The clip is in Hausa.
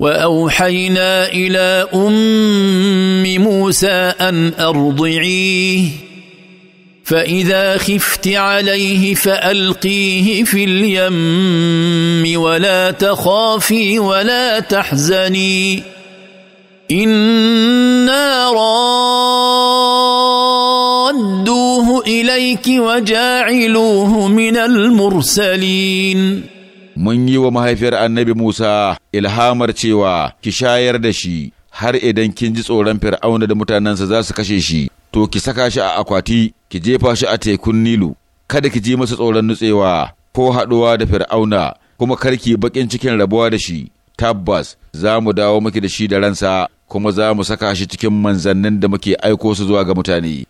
واوحينا الى ام موسى ان ارضعيه فاذا خفت عليه فالقيه في اليم ولا تخافي ولا تحزني انا رادوه اليك وجاعلوه من المرسلين mun yi wa mahaifiyar annabi Musa ilhamar cewa ki shayar da shi har idan kin ji tsoron fir'auna da mutanensa za su kashe shi to ki saka shi a akwati ki jefa shi a tekun Nilu kada ki ji masa tsoron nutsewa ko haɗuwa da fir'auna kuma kar karki bakin cikin rabuwa da shi tabbas za mu dawo miki da shi da ransa kuma za mu saka shi cikin manzannin da muke aiko su zuwa ga mutane